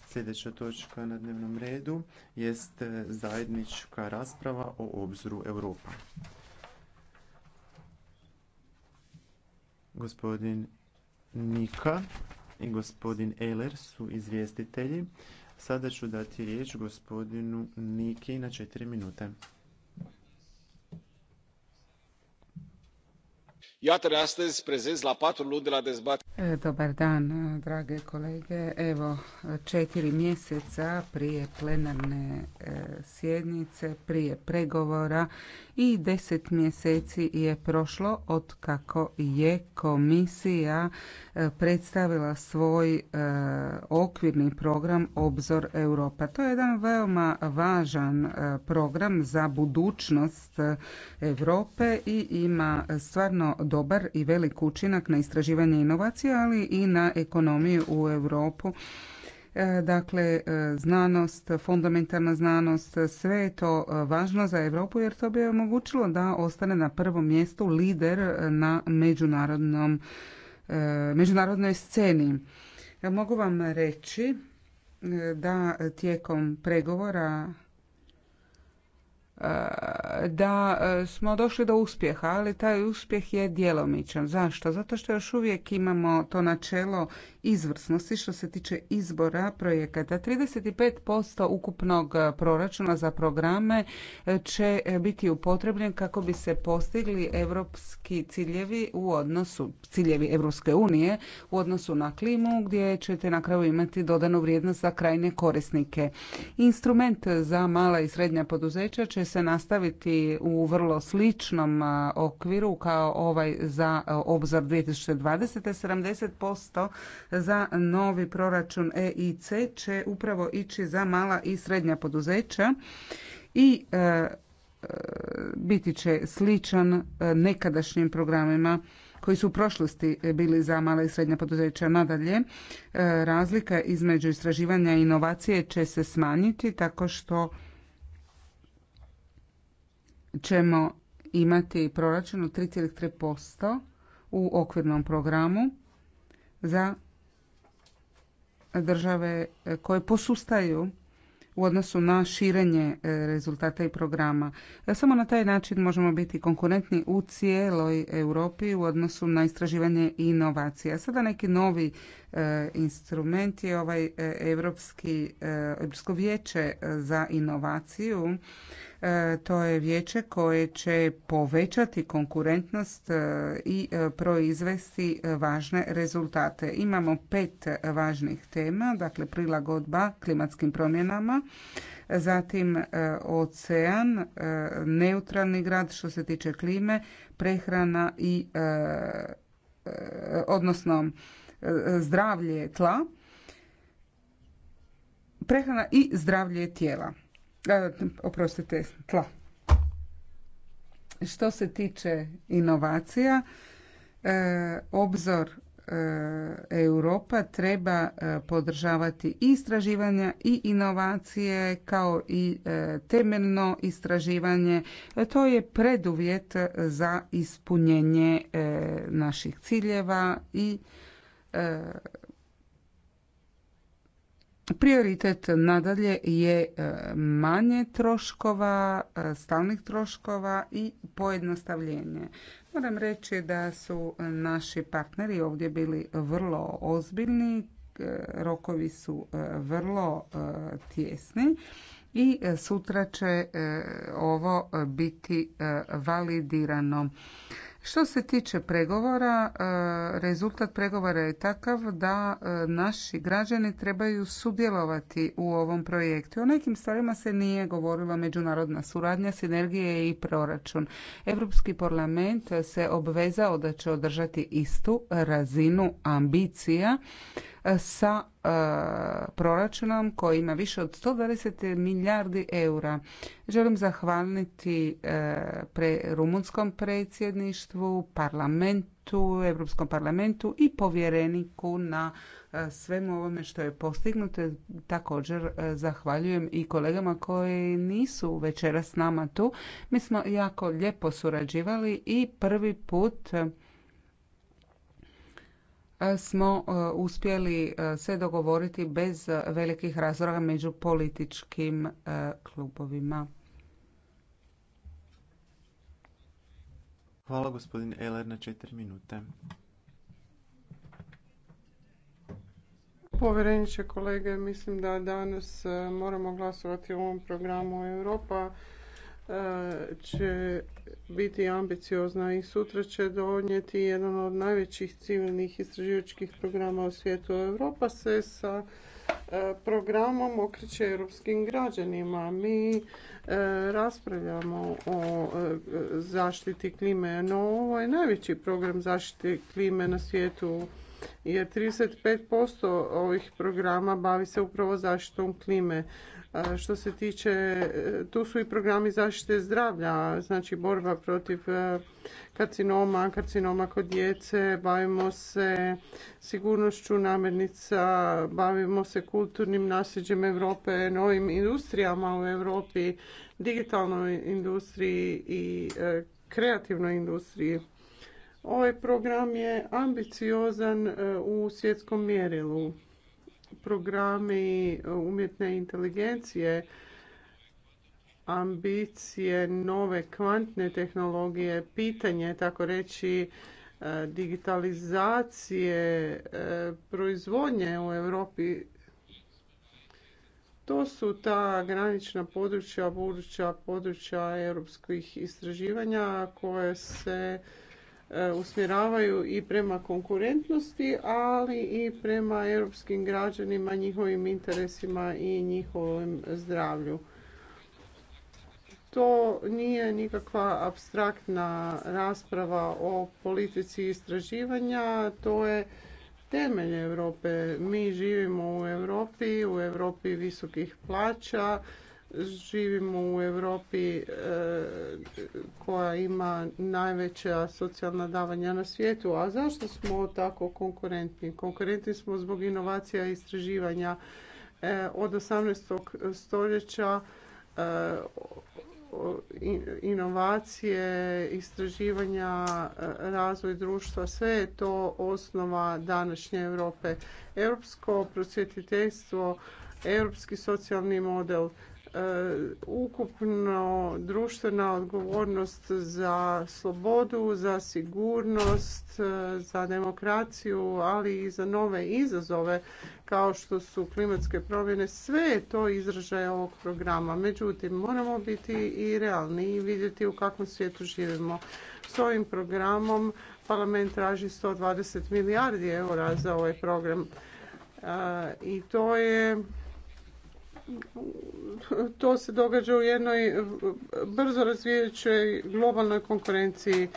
Sljedeća točka na dnevnom redu jest zajednička rasprava o obzoru Europa. Gospodin Nika i gospodin Eler su izvjestitelji. Sada ću dati riječ gospodinu Niki na četiri minute. iată astăzi e, Dobar dan, drage kolege. Evo, četiri mjeseca prije plenarne e, sjednice, prije pregovora i deset mjeseci je prošlo od kako je komisija E, predstavila svoj e, okvirni program Obzor Europa. To je jedan veoma važan e, program za budućnost Europe i ima stvarno dobar i velik učinak na istraživanje inovacija, ali i na ekonomiju u Europu dakle znanost, fundamentalna znanost, sve je to važno za Europu jer to bi omogućilo da ostane na prvom mjestu lider na međunarodnom E, međunarodnoj sceni. Ja mogu vam reći e, da tijekom pregovora da e, smo došli do uspjeha, ali taj uspjeh je djelomičan. Zašto? Zato što još uvijek imamo to načelo izvrsnosti što se tiče izbora projekata. 35% ukupnog e, proračuna za programe e, će biti upotrebljen kako bi se postigli europski ciljevi u odnosu, ciljevi Europske unije u odnosu na klimu gdje ćete na kraju imati dodanu vrijednost za krajne korisnike. Instrument za mala i srednja poduzeća će se nastaviti u vrlo sličnom okviru kao ovaj za obzor 2020. 70% za novi proračun EIC će upravo ići za mala i srednja poduzeća i biti će sličan nekadašnjim programima koji su u prošlosti bili za mala i srednja poduzeća. Nadalje, razlika između istraživanja i inovacije će se smanjiti tako što ćemo imati proračun od 3,3% u okvirnom programu za države koje posustaju u odnosu na širenje e, rezultata i programa. E, samo na taj način možemo biti konkurentni u cijeloj Europi u odnosu na istraživanje i inovacije. Sada neki novi e, instrument je ovaj Europski, Europsko vijeće za inovaciju E, to je vijeće koje će povećati konkurentnost e, i e, proizvesti važne rezultate. Imamo pet važnih tema, dakle prilagodba klimatskim promjenama, zatim ocean, neutralni grad što se tiče klime, prehrana i odnosno zdravlje tla, prehrana i zdravlje tijela. E, oprostite, tla. Što se tiče inovacija, e, obzor e, Europa treba podržavati i istraživanja i inovacije kao i temeljno istraživanje. To je preduvjet za ispunjenje naših ciljeva i Prioritet nadalje je e, manje troškova, e, stalnih troškova i pojednostavljenje. Moram reći da su naši partneri ovdje bili vrlo ozbiljni, e, rokovi su vrlo tjesni i sutra će ovo biti validirano. Što se tiče pregovora, e, rezultat pregovora je takav da e, naši građani trebaju sudjelovati u ovom projektu. O nekim stvarima se nije govorila međunarodna suradnja, sinergije i proračun. Europski parlament se obvezao da će održati istu razinu ambicija sa e, proračunom koji ima više od 120 milijardi eura. Želim zahvaliti e, pre rumunskom predsjedništvu, parlamentu, Europskom parlamentu i povjereniku na e, svemu ovome što je postignuto. Također zahvaljujem i kolegama koji nisu večeras s nama tu. Mi smo jako lijepo surađivali i prvi put smo e, uspjeli e, se dogovoriti bez velikih razloga među političkim e, klubovima. Hvala gospodin Eler na četiri minute. Povjereniče kolege, mislim da danas moramo glasovati o ovom programu Europa će biti ambiciozna i sutra će donijeti jedan od najvećih civilnih istraživačkih programa u svijetu. Europa se sa e, programom okreće europskim građanima. Mi e, raspravljamo o e, zaštiti klime, no ovo je najveći program zaštite klime na svijetu jer 35% ovih programa bavi se upravo zaštitom klime. Što se tiče, e, tu su i programi zaštite zdravlja, znači borba protiv e, karcinoma, karcinoma kod djece, bavimo se sigurnošću namirnica, bavimo se kulturnim nasljeđem Europe, novim industrijama u Europi, digitalnoj industriji i e, kreativnoj industriji. Ovaj program je ambiciozan u svjetskom mjerilu programi umjetne inteligencije, ambicije, nove kvantne tehnologije, pitanje, tako reći, e, digitalizacije e, proizvodnje u Europi. To su ta granična područja, buduća područja europskih istraživanja koje se E, usmjeravaju i prema konkurentnosti, ali i prema europskim građanima, njihovim interesima i njihovom zdravlju. To nije nikakva abstraktna rasprava o politici istraživanja, to je temelj Europe. Mi živimo u Europi, u Europi visokih plaća, živimo u Europi e, koja ima najveća socijalna davanja na svijetu. A zašto smo tako konkurentni? Konkurentni smo zbog inovacija i istraživanja. E, od 18. stoljeća e, inovacije, istraživanja, razvoj društva, sve je to osnova današnje Europe. Europsko prosvjetiteljstvo, europski socijalni model – E, ukupno društvena odgovornost za slobodu, za sigurnost, e, za demokraciju, ali i za nove izazove kao što su klimatske promjene. Sve je to izražaj ovog programa. Međutim, moramo biti i realni i vidjeti u kakvom svijetu živimo. S ovim programom parlament traži 120 milijardi eura za ovaj program. E, I to je to se događa u jednoj brzo razvijajućoj globalnoj konkurenciji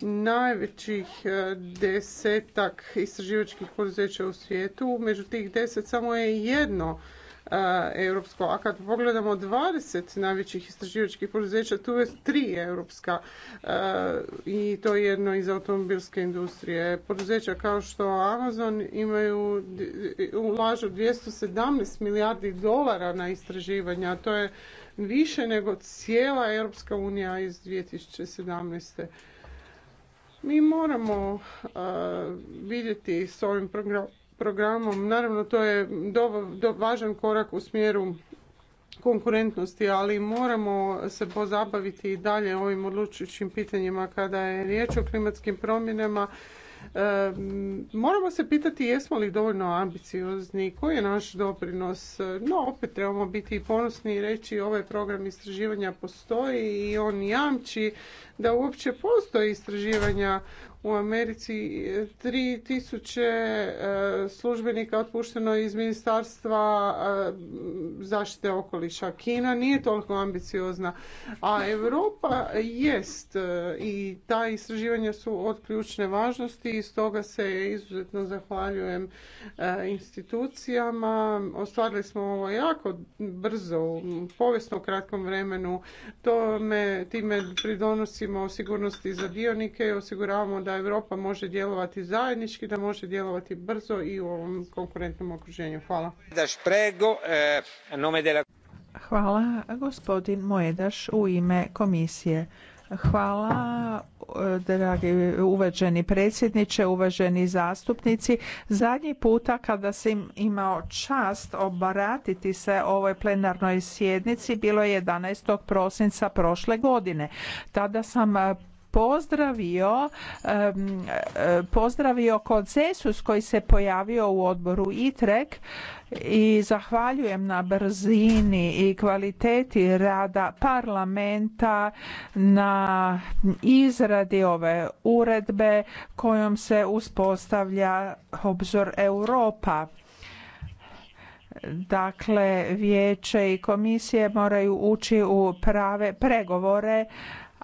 najvećih e, desetak istraživačkih poduzeća u svijetu. Među tih deset samo je jedno europsko. A kad pogledamo 20 najvećih istraživačkih poduzeća, tu je tri europska i to je jedno iz automobilske industrije. Poduzeća kao što Amazon imaju, ulažu 217 milijardi dolara na istraživanja. To je više nego cijela Europska unija iz 2017. Mi moramo vidjeti s ovim programom programom. Naravno, to je do, važan korak u smjeru konkurentnosti, ali moramo se pozabaviti i dalje ovim odlučujućim pitanjima kada je riječ o klimatskim promjenama. E, moramo se pitati jesmo li dovoljno ambiciozni, koji je naš doprinos. No, opet trebamo biti ponosni i reći ovaj program istraživanja postoji i on jamči da uopće postoje istraživanja u Americi 3000 e, službenika otpušteno iz ministarstva e, zaštite okoliša. Kina nije toliko ambiciozna, a Europa jest e, i ta istraživanja su od ključne važnosti i stoga se izuzetno zahvaljujem institucijama. Ostvarili smo ovo jako brzo, u kratkom vremenu. time pridonosimo sigurnosti za dionike i osiguravamo da da Europa može djelovati zajednički, da može djelovati brzo i u ovom konkurentnom okruženju. Hvala. Eh, Hvala, gospodin Moedaš u ime komisije. Hvala, eh, dragi uvaženi predsjedniče, uvaženi zastupnici. Zadnji puta kada sam imao čast obaratiti se ovoj plenarnoj sjednici bilo je 11. prosinca prošle godine. Tada sam eh, pozdravio pozdravio koncesus koji se pojavio u odboru ITREK i zahvaljujem na brzini i kvaliteti rada parlamenta na izradi ove uredbe kojom se uspostavlja obzor Europa. Dakle, vijeće i komisije moraju ući u prave pregovore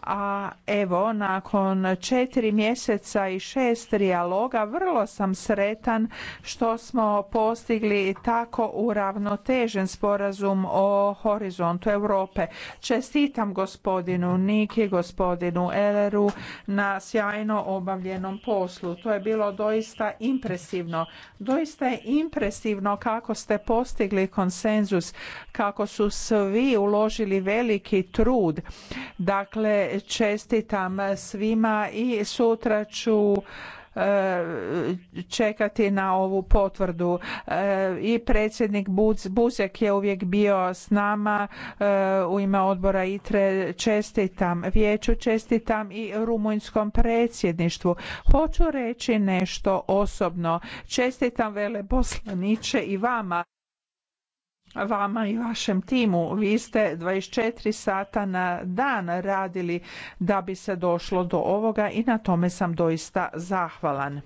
a evo nakon četiri mjeseca i šest dijaloga vrlo sam sretan što smo postigli tako uravnotežen sporazum o horizontu Europe. Čestitam gospodinu Niki, gospodinu Eleru na sjajno obavljenom poslu. To je bilo doista impresivno. Doista je impresivno kako ste postigli konsenzus, kako su svi uložili veliki trud. Dakle, čestitam svima i sutra ću e, čekati na ovu potvrdu. E, I predsjednik Buzek je uvijek bio s nama e, u ime odbora ITRE. Čestitam vijeću, čestitam i rumunjskom predsjedništvu. Hoću reći nešto osobno. Čestitam veleposlaniče i vama vama i vašem timu. Vi ste 24 sata na dan radili da bi se došlo do ovoga i na tome sam doista zahvalan.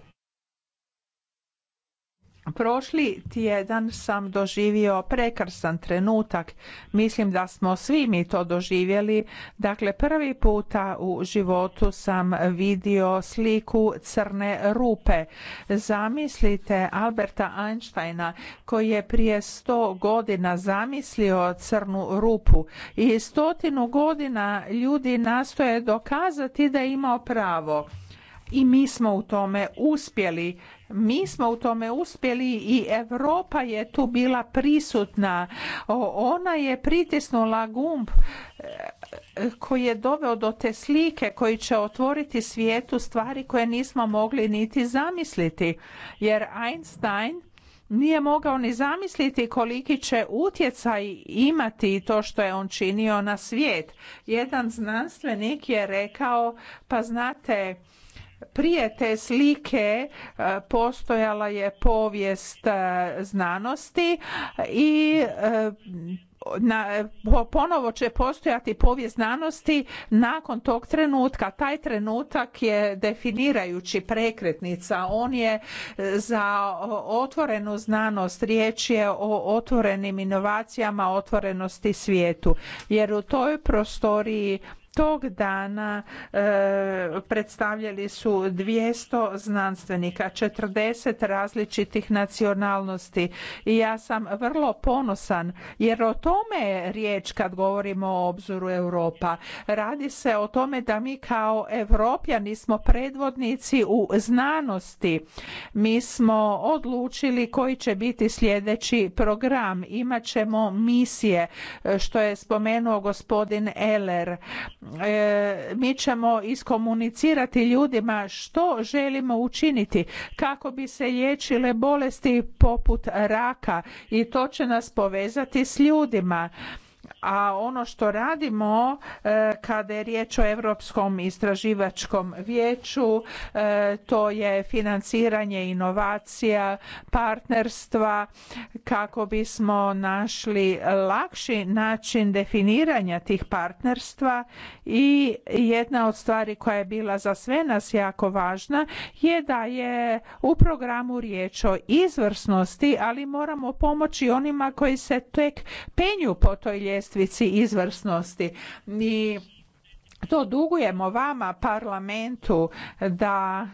Prošli tjedan sam doživio prekrasan trenutak. Mislim da smo svi mi to doživjeli. Dakle, prvi puta u životu sam vidio sliku crne rupe. Zamislite Alberta Einsteina koji je prije sto godina zamislio crnu rupu i stotinu godina ljudi nastoje dokazati da je imao pravo i mi smo u tome uspjeli mi smo u tome uspjeli i Europa je tu bila prisutna. Ona je pritisnula gumb e, koji je doveo do te slike koji će otvoriti svijetu stvari koje nismo mogli niti zamisliti. Jer Einstein nije mogao ni zamisliti koliki će utjecaj imati to što je on činio na svijet. Jedan znanstvenik je rekao, pa znate, prije te slike e, postojala je povijest e, znanosti i e, na, ponovo će postojati povijest znanosti nakon tog trenutka. Taj trenutak je definirajući prekretnica. On je za otvorenu znanost. Riječ je o otvorenim inovacijama, otvorenosti svijetu. Jer u toj prostoriji Tog dana e, predstavljali su 200 znanstvenika, 40 različitih nacionalnosti i ja sam vrlo ponosan jer o tome je riječ kad govorimo o obzoru Europa. Radi se o tome da mi kao Evropjani smo predvodnici u znanosti. Mi smo odlučili koji će biti sljedeći program. Imaćemo misije što je spomenuo gospodin Eller E, mi ćemo iskomunicirati ljudima što želimo učiniti kako bi se liječile bolesti poput raka i to će nas povezati s ljudima a ono što radimo e, kada je riječ o europskom istraživačkom vijeću e, to je financiranje inovacija partnerstva kako bismo našli lakši način definiranja tih partnerstva i jedna od stvari koja je bila za sve nas jako važna je da je u programu riječ o izvrsnosti ali moramo pomoći onima koji se tek penju po toj ljestvici ljestvici izvrsnosti i to dugujemo vama parlamentu da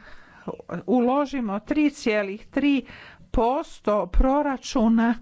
uložimo 3,3 posto proračuna